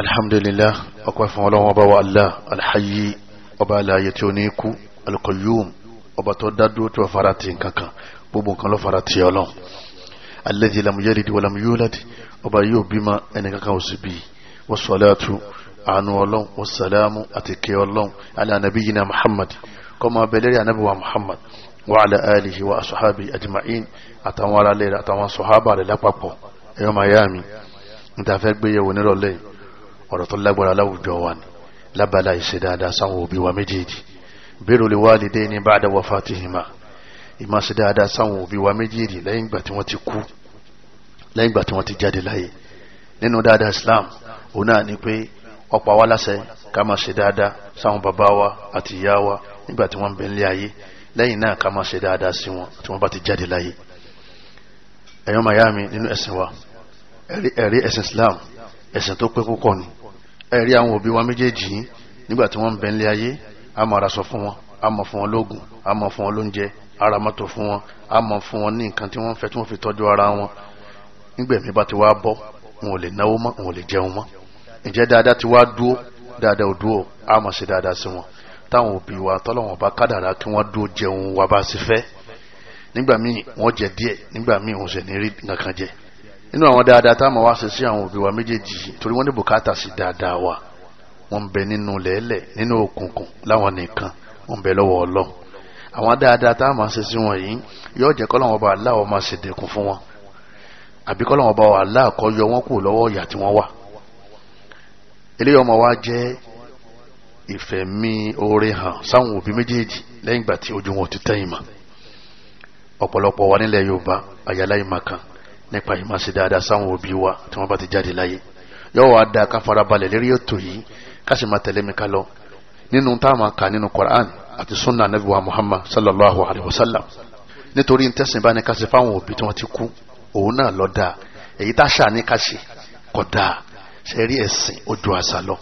alhamdulillah ọkọ̀ fún ọlọ́run ọba wa allah alhayi ọba aláyẹ tí ó ní ikú alqayyum ọba tó dádúró tó fara ti nǹkan kan gbogbo nǹkan ló fara ti ọlọ́run alladhi lam yalid wa lam yulad ọba yóò bímọ ẹnìkan kan ò sì bí wassalatu àánú ọlọ́run wassalamu àti kí ọlọ́run ala nabiyyina muhammad kọ́mọ abẹ́lẹ́rẹ́ anábíwá muhammad wa ala alihi wa ashabi ajma'in àtàwọn aráàlẹ́ àtàwọn sọ̀hábà rẹ̀ lápapọ̀ ẹ̀yọ́ miami ní tàfẹ́ gbéyẹ̀wò nírọ̀lẹ́yìn ọ̀rọ̀ tó lágbára láwùjọ wa ni lábala ìṣe dáadáa sáwọn òbí wa méjèèjì bẹ́rù lè wálidé ní ba'da wafatihima ìmá ṣe dáadáa sáwọn òbí wa méjèèjì lẹ́yìn ìgbà tí wọ́n ti kú lẹ́yìn ìgbà tí wọ́n ti jáde láyé nínú dáadáa Islam òun náà ni pé ọ̀pọ̀ àwa láṣẹ ká máa ṣe dáadáa sáwọn bàbá wa àti ìyá wa nígbà tí wọ́n ń bẹ ayé lẹ́yìn náà ká máa ṣe dáadáa sí wọn tí wọ́n bá ti jáde láyé ẹ̀yọ́ mayami nínú ẹ̀sìn wa ẹ̀rí ẹ̀sìn Islam ẹ̀sìn tó pé púpọ̀ ni ẹ̀rí àwọn òbí wa méjèèjì yìí nígbà tí wọ́n ń bẹ nílé ayé a máa ra sọ fún wọn a máa fún wọn lóògùn a máa fún wọn lóúnjẹ ara mọ́tò fún wọn a máa fún wọn ní nǹkan tí wọ́n fẹ́ tí wọ́n fi tọ́jú ara wọn nígbà mi bá ti wá bọ́ n ò lè náwó mọ́ n ò lè jẹun mọ́ ǹjẹ́ dáadáa ti wá dúó dáadáa ò dúó a máa ṣe dáadáa sí wọn táwọn òbí wa tọ́lọ́wọ́n bá kádàrá kí wọ́n dúó jẹun wa bá ṣe fẹ́ nígbà míì wọ́n jẹ díẹ̀ nígbà míì wọ́n sì ní rí nǹkan jẹ inú àwọn dáadáa tá a máa wá ṣe sí àwọn òbí wa méjèèjì torí wọ́n ní bùkátà sí dáadáa wa wọ́n ń bẹ nínú lẹ́lẹ̀ nínú òkùnkùn láwọn nìkan wọ́n ń bẹ lọ́wọ́ ọlọ́run àwọn dáadáa tá a máa ṣe sí wọn yìí yóò jẹ́ kọ́lọ́wọ́n bá aláwọ̀ máa ṣe dẹ̀kun fún wọn àbí kọ́lọ́wọ́n bá aláà kọ́ yọ wọ́n kù lọ́wọ́ ìyà tí wọ́n wà eléyìí ọmọ wa jẹ́ ìfẹ̀mí nípa ìmọ̀ sí dáadáa sáwọn òbí wa tí wọ́n bá ti jáde láyé yóò wá dáa ká farabalẹ̀ lérí ètò yìí ká sì máa tẹ̀lé mi ká lọ nínú tá kà nínú Quran àti sunna anabi wa Muhammad sallallahu alayhi wa sallam nítorí ntẹ̀sìn bá ní ká ṣe fáwọn òbí tí wọ́n ti kú òun náà lọ dáa èyí tá a ṣà ká ṣe kọ dáa ṣe rí ẹ̀sìn ojú àṣà lọ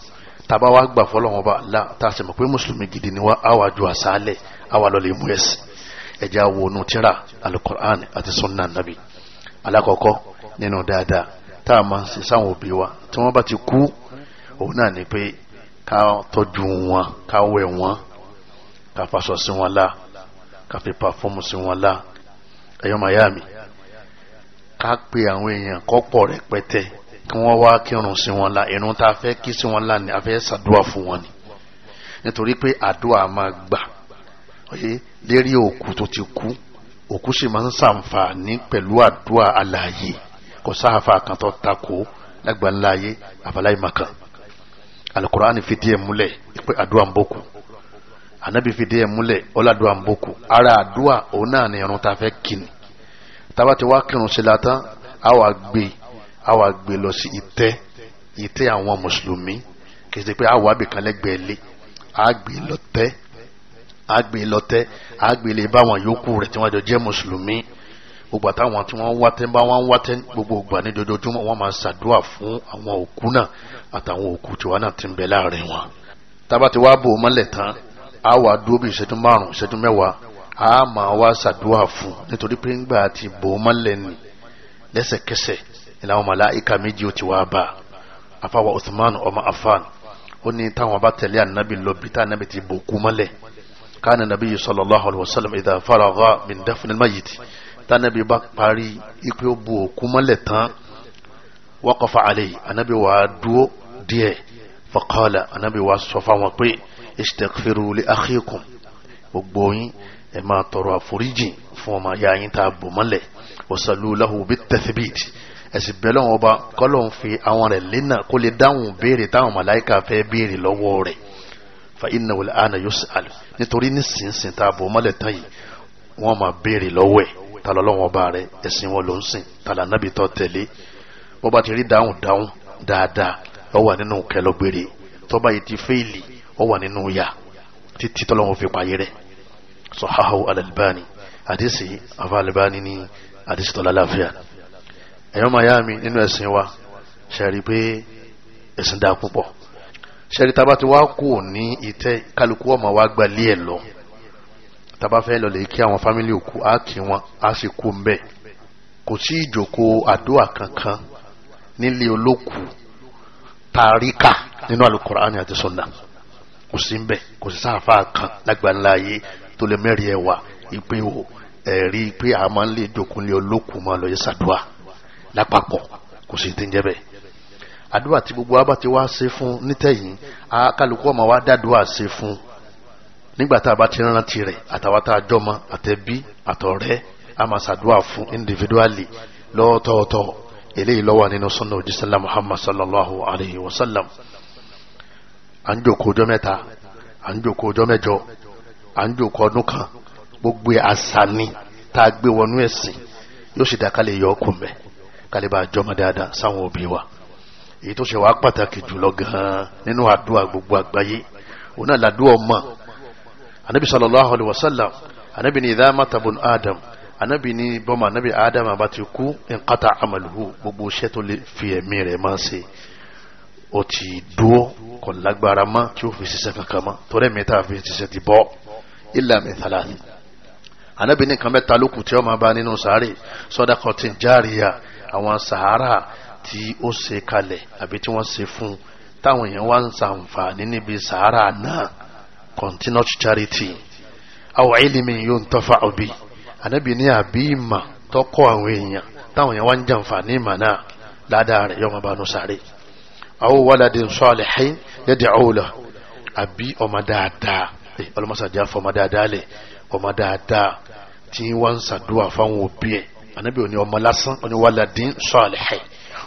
tàbá wa gbà fọlọ́wọ́n bá la tá a sì mọ̀ pé mùsùlùmí gidi ni wá àwa ju àṣà alẹ̀ àwa lọ lè mú ẹ̀sìn ẹ̀já wo nù tíra alukur'an àti sunna nabi alákọ̀ọ́kọ́ nínú dáadáa tá a máa ṣe sáwọn òbí wa tí wọ́n bá ti kú òun náà ni pé ká tọ́jú wọn ká wẹ̀ wọn ká faṣọ sí wọn lá ká fi pàfọ́ọ̀mù sí wọn lá ẹ̀yọ́ mayami ká pe àwọn èèyàn kọ́pọ̀ rẹpẹtẹ kí wọ́n wá kírun sí wọn lá irun tá a fẹ́ kí sí wọn lá ni a fẹ́ ṣàdúrà fún wọn ni nítorí pé àdúrà máa gbà lérí òkú tó ti kú òkú sì máa ń ṣàǹfààní pẹ̀lú àdúrà alààyè kò sáàfà kan tó takò lágbàńlá ayé àbáláyé màkàn alukur'ani fìdí ẹ̀ múlẹ̀ ìpè àdúrà ń bòkù anabi fìdí ẹ̀ múlẹ̀ ọ̀làdúrà ń bòkù ara àdúrà òun náà ni irun tá a fẹ́ kìnnì tába ti wá kírun sí la tán a wà gbé a wà gbé lọ sí ìtẹ́ ìtẹ́ àwọn mùsùlùmí kì í ṣe pé a wà bìkan lẹ́gbẹ̀ẹ́ lé a gbé lọ tẹ́ àgbè lọ́tẹ́ àgbè lè bá wọn yòókù rẹ̀ tí wọ́n jọ jẹ́ mùsùlùmí gbogbo àtàwọn tí wọ́n ń wátẹ́ bá wọ́n ń wátẹ́ gbogbo ògbà ní dojoojúmọ́ wọ́n máa ṣàdúrà fún àwọn òkú náà àtàwọn òkú tiwa náà ti ń bẹ láàrin wọn. tába ti wá bò ó mọ́lẹ̀ tán á wà dúró bí ìṣẹ́jú márùn ìṣẹ́jú mẹ́wàá á máa wá ṣàdúrà fún nítorí pé ńgbà àti bò mọ́lẹ̀ nì lẹ́sẹ̀kẹsẹ̀ ìlànà màláìka méjì kánà nàbí sallallahu alaihi wasallam idha faragha min dafnil mayyit tánàbí bá parí ipe ó bu òkú mọ́lẹ̀ tán waqafa alayhi anábì wà dúó díẹ̀ faqala anábì wà sọ fáwọn pé istaghfiru li akhikum gbogbo yín ẹ máa tọrọ àforíjì fún ọmọ ya yín tá a bò mọ́lẹ̀ wasalu lahu bit-tathbit ẹ̀sìn bẹ́ẹ̀ lọ́wọ́ ọba kọ́lọ́ ń fi àwọn rẹ̀ lẹ́nà kó lè dáhùn béèrè táwọn màláìka fẹ́ béèrè lọ́wọ́ rẹ̀ fa inna wòle ana yóò sì àlù nítorí ní sínsìn tá a bò mọ́lẹ̀ tán yìí wọ́n máa béèrè lọ́wọ́ ẹ̀ ta lọ́lọ́wọ́n ọba rẹ̀ ẹ̀sìn wọn ló ń sìn ta là nábì tó tẹ̀lé wọ́n bá ti rí dáhùn dáhùn dáadáa ó wà nínú kẹlọ́gbére tó bá yìí ti fẹ́ẹ̀lì ó wà nínú yà títí tọ́lọ́wọ́n fi payé rẹ̀ sọ̀háhù al-Albani àdìsí àfa al-Albani ní tọ́lá láfíà ẹ̀yọ́ màyá nínú ẹ̀sìn wa ṣe pé ẹ̀sìn dáa púpọ̀ sẹ́ni tá a bá ti wá kú ní ìtẹ́ kálukú ọmọ wa gbalé ẹ̀ lọ tá a bá fẹ́ lọ lè kí àwọn fámìlì òkú á kí wọn á sì kú mbẹ́ kò sí ìjókòó àdúrà kankan nílé olókù tàríkà nínú àlùkùránì àti sunna kò sí mbẹ́ kò sí sáfà kan lágbàńlá ayé tó lè mẹ́rin ẹ̀ wá ìpín ẹ̀rí pé a máa ń lè jókòó nílé olókù máa lọ yẹ sàdúà lápapọ̀ kò sí tí bẹ́ẹ̀ àdúrà tí gbogbo wa bá ti wá ṣe fún nítẹ̀yìn akálukú ọmọ wa dádùá ṣe fún nígbà tá a bá ti rántí rẹ̀ àtàwọn tá a jọmọ àtẹbí àtọ̀rẹ́ a máa ṣàdúrà fún individually lọ́tọ̀ọ̀tọ̀ eléyìí ló wà nínú sunna òjísàlá muhammad sallallahu alayhi wa sallam à ń jòkó ọjọ́ mẹ́ta à ń jòkó ọjọ́ mẹ́jọ à ń jòkó ọdún kan gbogbo àṣà ni tá a gbé wọnú ẹ̀sìn yóò sì dá kálẹ̀ yọ ọkùnrin kálẹ̀ bá a jọmọ dáadáa sáwọn òbí wa èyí tó ṣe wá pàtàkì jùlọ gan-an nínú àdúrà gbogbo àgbáyé òun náà làdúrà ọmọ anabi sallallahu alayhi wa sallam anabi ni idha mata bun adam anabi ni bọ́mọ anabi adam abá ti kú inqata amaluhu gbogbo iṣẹ́ tó lè fi ẹ̀mí rẹ̀ máa ṣe ó ti dúó kò lágbára mọ́ tí ó fi ṣiṣẹ́ kankan mọ́ torí ẹ̀mí tá a fi ṣiṣẹ́ ti bọ́ illa min thalathi ní kan mẹ́ta lókù tí ó máa bá nínú sàárè sadaqatin jariya àwọn sàárà tí ó ṣe kalẹ̀ àbí tí wọ́n ṣe fún táwọn èèyàn wá ń ṣàǹfààní níbi sàárà náà continuous charity àwọn ilimi yóò ń tọ́fà òbí ànábì ní àbí ìmà tọ́kọ̀ àwọn èèyàn táwọn èèyàn wá ń jàǹfààní ìmà náà ládàá rẹ̀ yọmọ bánú sáré àwọn waladin salihin yad'u lahu àbí ọmọ dáadáa eh, ọlọmọsàjà fọmọ dáadáa lẹ ọmọ dáadáa tí wọ́n ń ṣàdúrà fáwọn òbí ẹ̀ ànábì ò ọmọ lásán ó ní waladin salihin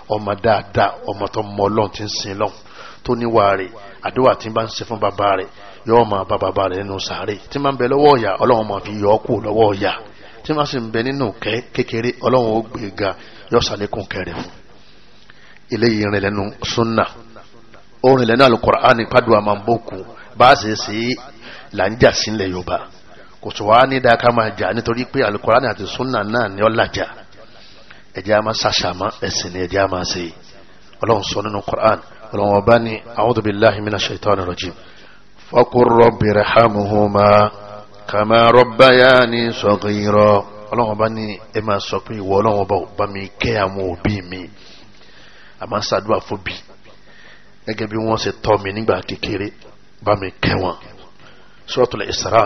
ọmọ dáadáa ọmọ tó mọ ń sin lọ́hùn tó níwà rẹ̀ àdúrà tí ń bá ń fún bàbá rẹ̀ yóò máa bá bàbá rẹ̀ nínú sàárè tí máa ń bẹ lọ́wọ́ ọ̀yà Ọlọ́run máa fi yọ ọ́ lọ́wọ́ ọ̀yà tí máa sì ń bẹ nínú kẹ́ kékeré Ọlọ́run ó gbé ga sàlékún kẹrẹ fún eléyìí rìn lẹ́nu súnà ó rìn ẹ̀jẹ̀ àmà sàṣàmà ẹ̀sìn ni ẹ̀jẹ̀ àmà ṣe ọlọ́run sọ nínú Qur'an ọlọ́run ọba ní a'udhu billahi minash shaitani rajim faqur rabbi irhamhuma kama rabbayani saghira ọlọ́run ọba ní ẹ máa sọ pé ìwọ ọlọ́run ọba ò bá mi kẹ́ àwọn òbí mi àmà ṣàdúrà fóbi gẹ́gẹ́ bí wọ́n ṣe tọ́ mi nígbà kékeré bá mi kẹ́ wọn Suratul Isra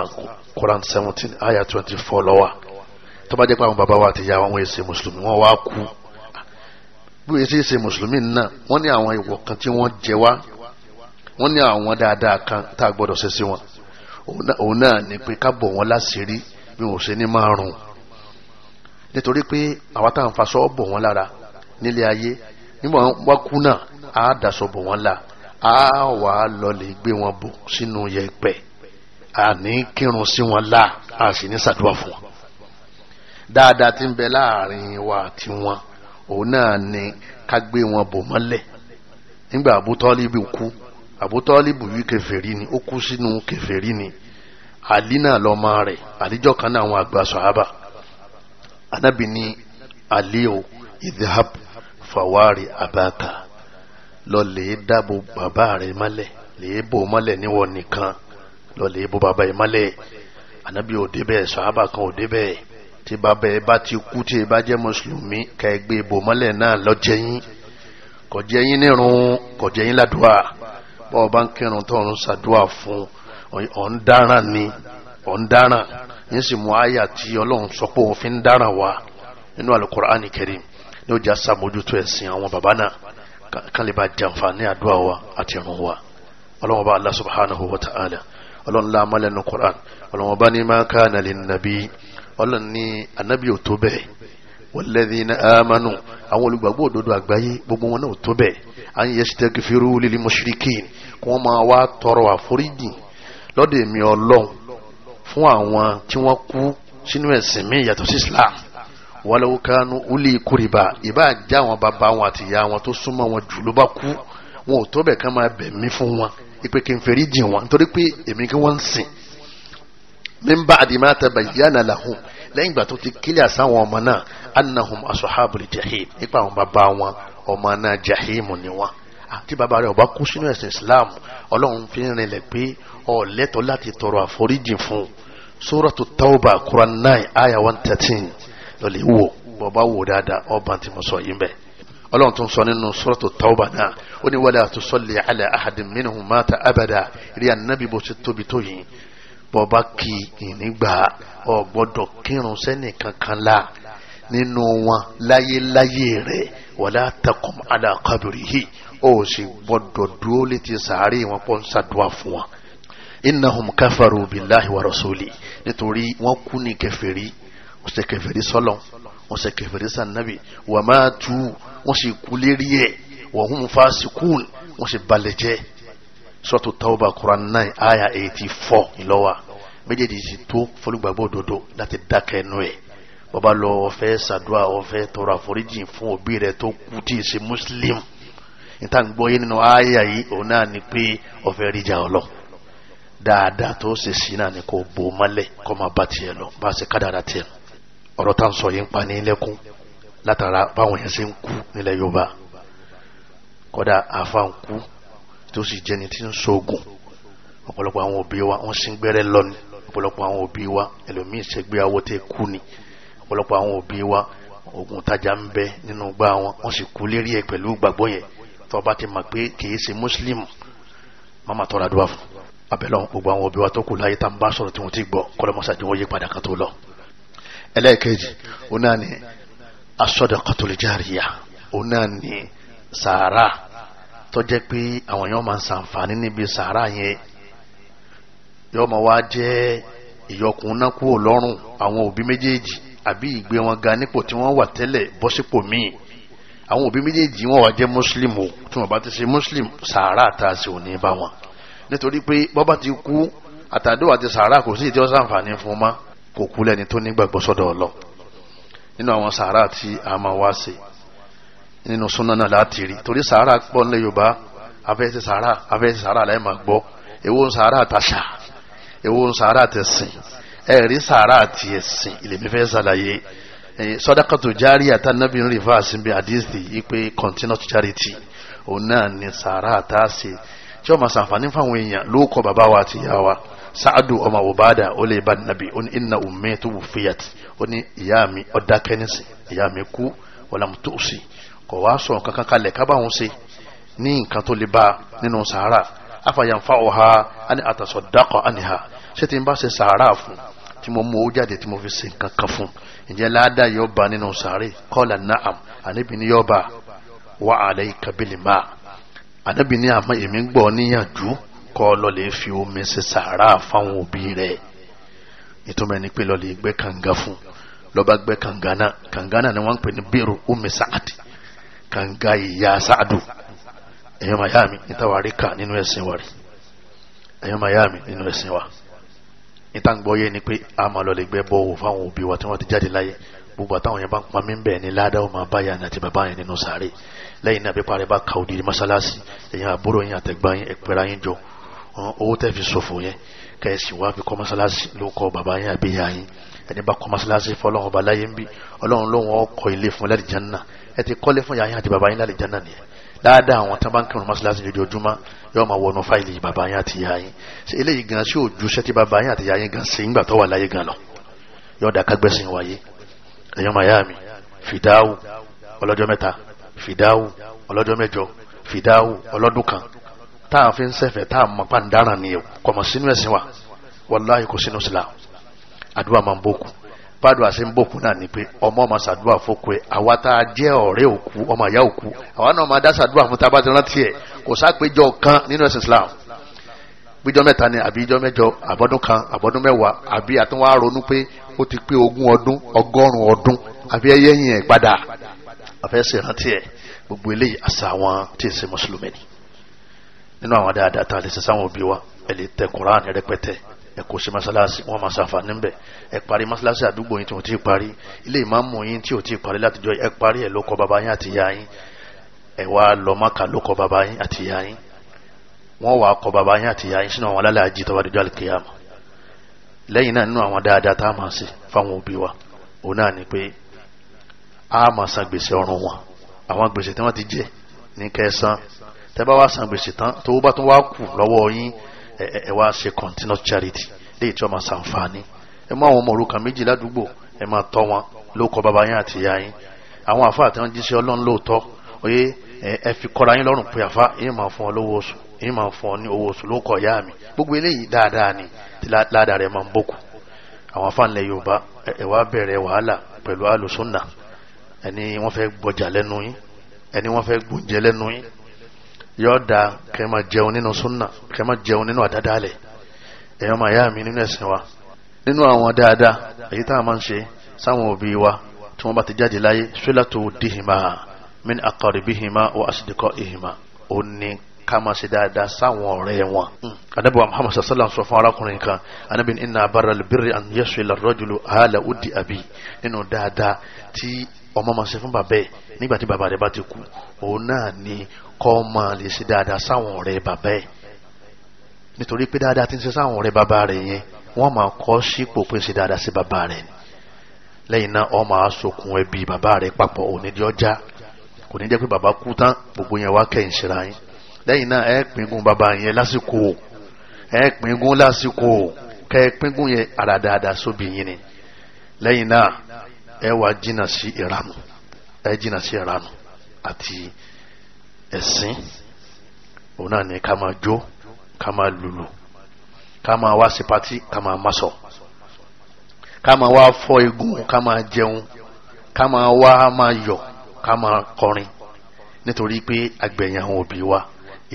Qur'an seventeen ayah twenty four lọ́wọ́ tó bá jẹ́ pé àwọn bàbá wa àti ìyá wọn wọ́n ṣe mùsùlùmí wọ́n wá kú bí wọ́n ṣe mùsùlùmí náà wọ́n ní àwọn ìwọ̀ kan tí wọ́n jẹ wá wọ́n ní àwọn dáadáa kan tá a gbọ́dọ̀ ṣe sí wọn òun náà ni pé ká bò wọ́n láṣìírí bí wọ́n ṣe ní márùn-ún nítorí pé àwa táwọn fa sọ́ọ́ bò wọ́n lára nílé ayé nígbà wọn kú náà á daṣọ bò wọ́n la á wà á lọ lè gbé wọn bò sínú yẹ̀pẹ̀ àní kírun sí wọn la a sì ní ṣàdúrà fún wọn dáadáa tí ń bẹ láàrin wa àti wọn òun náà ni ká gbé wọn bò mọ́lẹ̀ nígbà àbútọ́líbù kú àbútọ́líbù yìí kèfèrí ni ó kú sínú kèfèrí ni àlí náà lọ́mọ rẹ̀ àlíjọ́ kan náà àwọn àgbà sàhábà anábì ní àlí o idhab fawari abaka lọ lè dáàbò bàbá rẹ̀ mọ́lẹ̀ lè bò mọ́lẹ̀ níwọ̀n nìkan lọ lè bò bàbá rẹ̀ mọ́lẹ̀ anábì ò débẹ̀ sàhábà kan ò débẹ̀ tí bàbá ẹ bá ti kú tí ẹ bá jẹ́ mùsùlùmí ká ẹ gbé ibò mọ́lẹ̀ náà lọ́jẹ́ yín kò yín nírun kò yín ládùúà bọ́ọ̀ bá ń kírun tó ń ṣàdúà fún ọ̀n dáràn ni ọ̀n dáràn yín sì mú àyà tí ọlọ́run sọ pé òun fi ń dáràn wá nínú alukur'ani karim ní ó jà sàmójútó ẹ̀sìn àwọn bàbá náà kan lè bá jàǹfààní àdúrà wa àti ìrun wa ọlọ́run bá Allah subhanahu wa ta'ala ọlọ́run láàmú lẹ́nu Qur'an ọlọ́run bá ní ma kana lin nabi ọlọ́run ní anábì ò tó bẹ́ẹ̀ walladhina amanu àwọn olùgbàgbọ́ òdodo àgbáyé gbogbo wọn náà ò tó bẹ́ẹ̀ an yastaghfiru lil mushrikin kí wọ́n máa wá tọrọ àforíjì lọ́dọ̀ èmi ọlọ́run fún àwọn tí wọ́n kú sínú ẹ̀sìn mi yàtọ̀ sí islam walau kanu uli kuriba ìbá àjá àwọn bàbá wọn àti ìyá wọn tó súnmọ́ wọn jù ló bá kú wọn ò tó bẹ́ẹ̀ ká máa bẹ̀ mí fún wọn ìpè kí n fẹ́rí jìn wọn nítorí pé èmi kí wọ́n ń sìn min ba'di ma tabayyana lahum lẹ́yìn ìgbà tó ti kílẹ̀ sáwọn ọmọ náà annahum ashabul jahim nípa àwọn bàbá wọn ọmọ náà jahimu ni wọn àti bàbá rẹ̀ ọba kú sínú ẹ̀sìn islam ọlọ́run fi ń rinlẹ̀ pé ọ̀lẹ́tọ̀ láti tọrọ àforíjì fún suratu tauba quran nine aya one thirteen lọ́lẹ̀ wò bọ́ba wò dáadáa ọba tí mo sọ yìí bẹ́ẹ̀ ọlọ́run tó ń sọ nínú suratu tauba náà ó ní wala tusalli ala ahadin minhum abada rí ànábì bó ti tóbi tó yìí bọba kì ìnígbà ọ gbọ́dọ̀ kírun sẹ́nì kankan la nínú wọn láyéláyé rẹ wàlá takum ala qabrihi ó sì gbọ́dọ̀ dúró létí sàárè wọn pọ ń ṣàdúrà fún wọn innahum kafaru billahi wa rasuli nítorí wọn kú ní kèfèrí wọn ṣe kèfèrí sọlọ wọn ṣe kèfèrí sànàbì wa wọn sì kú lérí ẹ wa hum fasikun wọn sì balẹ̀ jẹ́ sọ́tò tauba quran nine aya eighty four ìlọ́wà méjèèjì sì tó fọlùgbàgbọ́ òdodo láti dákẹ́ ẹnu ẹ̀ bàbá lọ ọ̀fẹ́ sàdúà ọ̀fẹ́ tọrọ àforíjì fún òbí rẹ̀ tó kú tí ì ṣe muslim níta ń gbọ́ yé nínú aya yìí òun náà ni pé ọ̀fẹ́ ríjà ọlọ́ dáadáa tó ṣe sí náà ni kò bò mọ́lẹ̀ kọ́ máa bá tiẹ̀ lọ bá a ṣe kádàrà tiẹ̀ lọ ọ̀rọ̀ tá à ń sọ yìí ń pa ní lẹ́kún látara báwọn yẹn ṣe ń kú nílẹ̀ yorùbá kọ́dà àfa ń kú tó sì jẹ́ni tí ń ṣoògùn ọ̀pọ̀lọpọ̀ àwọn òbí wa wọ́n sin gbẹ́rẹ́ lọ́ni ọ̀pọ̀lọpọ̀ àwọn òbí wa ẹlòmíì ṣègbéyàwó tẹ kú ni ọ̀pọ̀lọpọ̀ àwọn òbí wa oògùn tajà ń bẹ nínú gbá wọn wọ́n sì kú lérí ẹ̀ pẹ̀lú gbàgbọ́ yẹn tó bá ti mọ̀ pé kì í ṣe mùsùlùmù mama tọ́ra dúrà fún abẹ́lẹ́ wọn gbogbo àwọn òbí wa tó kù láyé tá n bá sọ̀rọ̀ tí wọ́n ti gbọ́ kọ́lọ́mọ́sá jẹ́ tó jẹ́ pé àwọn èèyàn máa ń ṣàǹfààní níbi sàárà yẹn yóò máa wá jẹ́ ìyọkùn náà kúrò lọ́rùn àwọn òbí méjèèjì àbí ìgbé wọn ga nípò tí wọ́n wà tẹ́lẹ̀ bọ́ sípò míì àwọn òbí méjèèjì wọn wà jẹ́ muslim o tí wọn bá ti ṣe muslim sàárà tá a sì ò ní bá wọn nítorí pé bọ́bá ti kú àtàdó àti sàárà kò sí ìjọ sàǹfààní fún ma kò kú lẹ́ni tó nígbàgbọ́ ọlọ nínú àwọn sàárà tí a máa wá ṣe nínú súnánà láti rí torí sàárà pọ̀ nílẹ̀ yorùbá afẹ́sẹ̀ sàárà afẹ́sẹ̀ sàárà láì máa gbọ́ èwo ń sàárà àtàṣà èwo ń sàárà àtẹ̀sìn ẹ̀rí sàárà àti ẹ̀sìn ìlèmí fẹ́ ṣàlàyé sọ́dákàtò járí àtànàbí ń rìfà síbi àdìsí ipe continuous charity òun náà ni sàárà àtàṣe tí wọ́n máa ṣàǹfààní fáwọn èèyàn ló kọ bàbá wa àti ìyá wa sáàdù ọmọ òbáàdà ó lè bá nàbí ó ní ìnà òmìnir tó wù ó ní ìyá mi ọ̀dákẹ́nìsì ìyá mi kú wọ́n kò wá sọ nǹkan kan kalẹ̀ ká bá wọn ṣe ní nǹkan tó lè bá nínú sàárà afàyànfà ọ̀ha ani àtàsọ̀dákọ̀ àníhà ṣé tí n bá ṣe sàárà fún tí mo mú owó jáde tí mo fi ṣe nǹkan kan fún ǹjẹ́ láàdá yóò bá nínú sàárè kọ́là naam àníbi ni yóò bá wà àlẹ́ ìkàbílì máa àníbi ni àmọ́ èmi ń gbọ́ níyànjú kọ́ lọ́lẹ̀ fi omi ṣe sàárà fáwọn òbí rẹ̀ ìtumọ̀ ẹni pé lọ́lẹ̀ gbẹ́ kànga fún lọ́ba gbẹ́ kànga náà kànga náà ni wọ́n ń pè ní bẹ́ẹ̀rù omi sáàtì kànga ya saadu, ẹ̀yọ́ mayami ìtawàrí kà nínú ẹ̀sìn wa rí ẹ̀yọ́ mayami nínú ẹ̀sìn wa níta ń gbọ́yé ni pé a máa lọ lè gbẹ́ bọ́wọ́ fáwọn òbí wa tí wọ́n ti jáde láyé gbogbo àtàwọn yẹn bá ń pa mí bẹ́ẹ̀ ni ládàá ọmọ abáyà àti bàbá yẹn nínú sàárè lẹ́yìn náà pípa rẹ̀ bá ka òdìrí mọ́sálásì ẹ̀yin àbúrò yẹn àtẹ̀gbá yẹn ẹ̀pẹ̀rẹ̀ yẹn jọ owó tẹ́ fi ṣòfò yẹn kẹ́ẹ̀sì wá fi kọ́ mọ́sálásì ló kọ́ bàbá yẹn àbíyá yẹn ẹni bá kọ́ mọ́sálásì fọlọ́run ọba láyé ń bí ọlọ́run lóun ọkọ̀ ilé fún lẹ́dìjánná ẹ ti kọ́lé fún yàyà àti bàbá yín lálẹ́ jẹ́nà nìyẹn dáadáa àwọn tán bá ń kírun mọ́ṣáláṣí lójoojúmọ́ yóò máa wọnú fáìlì bàbá yín àti yàyà yín ṣe eléyìí gan sí òjú sẹ́tí bàbá yín àti yàyà yín gan sí ńgbà tó wà láyé gan lọ yóò dá kágbẹ́sìn wáyé ẹ̀yọ́ mayami fìdáwù ọlọ́jọ́ mẹ́ta fìdáwù ọlọ́jọ́ mẹ́jọ fìdáwù ọlọ́dún kan tá a fi ń sẹ́fẹ̀ tá a mọ̀ pàǹdáràn ni kọ̀mọ̀ sínú ẹ̀sìn wa wàláhì kò sínú sílá àdúrà máa ń bókun bádùn àṣẹ ń bòkú náà ni pé ọmọ ọmọ ṣàdúrà fókù ẹ àwa tá a jẹ ọ̀rẹ́ òkú ọmọ ìyá òkú àwa náà máa dá ṣàdúrà fún tábà tí ẹ kò sápéjọ kan nínú ẹsẹ Islam bíjọ mẹ́ta ni àbí ijọ mẹ́jọ àbọdún kan àbọdún mẹ́wàá àbí àtúnwá ronú pé ó ti pé ogún ọdún ọgọ́rùn ọdún àbí ẹyẹ yìn ẹ padà àfẹsẹ rántí ẹ gbogbo eléyìí àṣà àwọn tí ì ṣe mùsùlùmí nínú àwọn dáadáa tá a lè ṣe sáwọn òbí wa ẹ lè tẹ kùránì rẹpẹtẹ ẹ kò ṣe masalasi wọn máa ṣàǹfà níbẹ̀ ẹ masalasi àdúgbò yín tí ò ti parí ilé ìmáàmù yín tí ò ti parí látijọ́ ẹ parí ẹ lókọ bàbá yín àti ìyá yín ẹ wá lọ Mákà lókọ bàbá yín àti ìyá yín wọ́n wàá kọ bàbá yín àti ìyá yín sínú àwọn alálẹ́ àjí tọ́wọ́ àdìjọ́ àlùkìyàmù náà nínú àwọn dáadáa tá a máa ṣe fáwọn òbí wa òun náà ni pé a máa san gbèsè ọrùn wọn àwọn gbèsè tí wọ́n ti jẹ ní kẹsàn tẹ́ bá ẹ wá ṣe continuous charity léyìí tí wọ́n máa ṣàǹfààní ẹ mú àwọn ọmọ òrukàn méjì ládùúgbò ẹ máa tọ́ wọn ló kọ bàbá yín àti ìyá yín àwọn àfa àti wọn jíṣẹ́ ọlọ́run lóòótọ́ oyè ẹ fi kọ́ra yín lọ́rùn pé àfa yín máa fún ọ lówó oṣù yín máa fún ọ ní owó oṣù ló kọ ìyá mi gbogbo eléyìí dáadáa ni tí ládàá rẹ̀ máa ń bókù àwọn afa ńlẹ̀ yorùbá ẹ wá bẹ̀rẹ̀ wàhálà pẹ̀lú alùsùnà ẹni wọ́n fẹ́ gbọ́jà lẹ́nu yín ẹni wọ́n fẹ́ gbòǹjẹ lẹ́nu yín yóò da kẹ́ máa jẹun nínú súnà kẹ́ máa jẹun nínú àdádálẹ̀ ẹ̀yọ́ máa yá mi nínú ẹ̀sìn wa nínú àwọn dáadáa èyí tá a máa ń ṣe sáwọn òbí wa tí wọ́n bá ti jáde láyé ṣúlẹ̀tò dìhìmá min àkọ̀rìbíhìmá wa àṣìdìkọ́ ìhìmá ó ní ká máa ṣe dáadáa sáwọn ọ̀rẹ́ wọn. anábì wa sallam sọ fún arákùnrin kan anábì iná abára lbírí an yẹsù ilà rọ́jùlù àhàlà udi àbí nínú dáadáa tí ọmọ máa ṣe fún bàbá ẹ̀ nígbà tí bàbá rẹ̀ bá ti kú òun náà ni kọ́ ọmọ lè ṣe dáadáa sáwọn ọ̀rẹ́ bàbá ẹ̀ nítorí pé dáadáa ti ń ṣe sáwọn ọ̀rẹ́ bàbá rẹ̀ yẹn wọ́n máa kọ́ sípò pé ṣe dáadáa sí bàbá rẹ̀ ni lẹ́yìn náà ọmọ asokun ẹbí bàbá rẹ̀ papọ̀ onídìí ọjà kò ní jẹ́ pé bàbá kú tán gbogbo yẹn wá kẹ́yìn síra yín lẹ́yìn náà ẹ pingun bàbá yẹn lásìkò ẹ pingun lásìkò kẹ́ pingun yẹn ara dáadáa sóbì yín ni lẹ́yìn náà ẹ wá jìnnà sí ìranù ẹ jìnnà sí ìranù àti ẹ̀sìn òun náà ni ká máa jó ká máa lùlù ká máa wá sí pátì ká máa másọ̀ ká máa wá fọ́ egun ká máa jẹun ká máa wá máa yọ̀ ká máa kọrin nítorí pé àgbẹ̀yìn àwọn òbí wa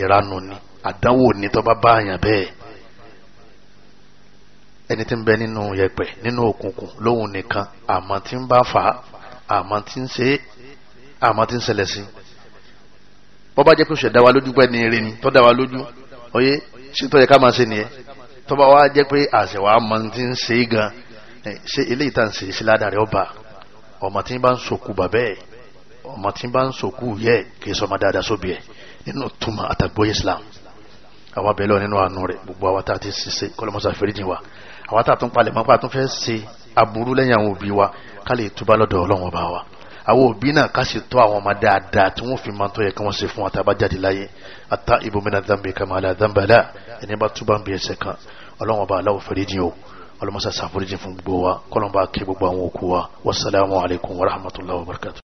ìranu ni àdánwò ni tó bá bá àyàn bẹ́ẹ̀ ẹni tí ń bẹ nínú yẹ̀pẹ̀ nínú òkùnkùn lóhun nìkan àmọ́ tí ń bá fà á àmọ́ tí ń ṣe àmọ́ tí ń ṣẹlẹ̀ sí i bọ́bá jẹ́ pé ṣẹ̀dá wa lójú pẹ́ ní eré ni tó dá wa lójú oyé ṣe tó yẹ ká máa ṣe nìyẹn tó bá wá jẹ́ pé àṣẹ wa mọ ti ń ṣe é gan ṣe eléyìí tá à ń ṣe sí ládàrí ọba ọmọ tí ń bá ń sòkú bàbẹ́ ẹ̀ ọmọ tí ń bá ń sòkú yẹ kì í sọmọ dáadáa sóbi ẹ̀ nínú túmọ̀ àtàgbóyè Islam àwa bẹ̀ lọ nínú àánú rẹ̀ gbogbo àwa tá a ti ṣiṣẹ́ kọ́lọ́mọṣà fẹ́ríjìn wa àwa tá a tún palẹ̀ mọ́ pé a ṣe aburú lẹ́yìn àwọn òbí wa ká lè túbá lọ́dọ̀ Ọlọ́run ọba wa àwọn òbí náà ká sì tọ́ àwọn ọmọ dáadáa tí wọ́n fi máa tọ́ yẹ kí wọ́n ṣe fún àtàbájáde láyé ata ibùmínà dánbẹ̀ kama àlà dánbẹ̀ àlà ẹni bá túbà ń bí ẹsẹ̀ kan ọlọ́wọ́n bá aláwọ̀ fẹ́rẹ́jì o ọlọ́mọṣà sàfúrẹ́jì fún gbogbo wa kọ́lọ́mọba kí gbogbo àwọn òkú wa wasalaamu alaykum wa rahmatulahi wa barakatu.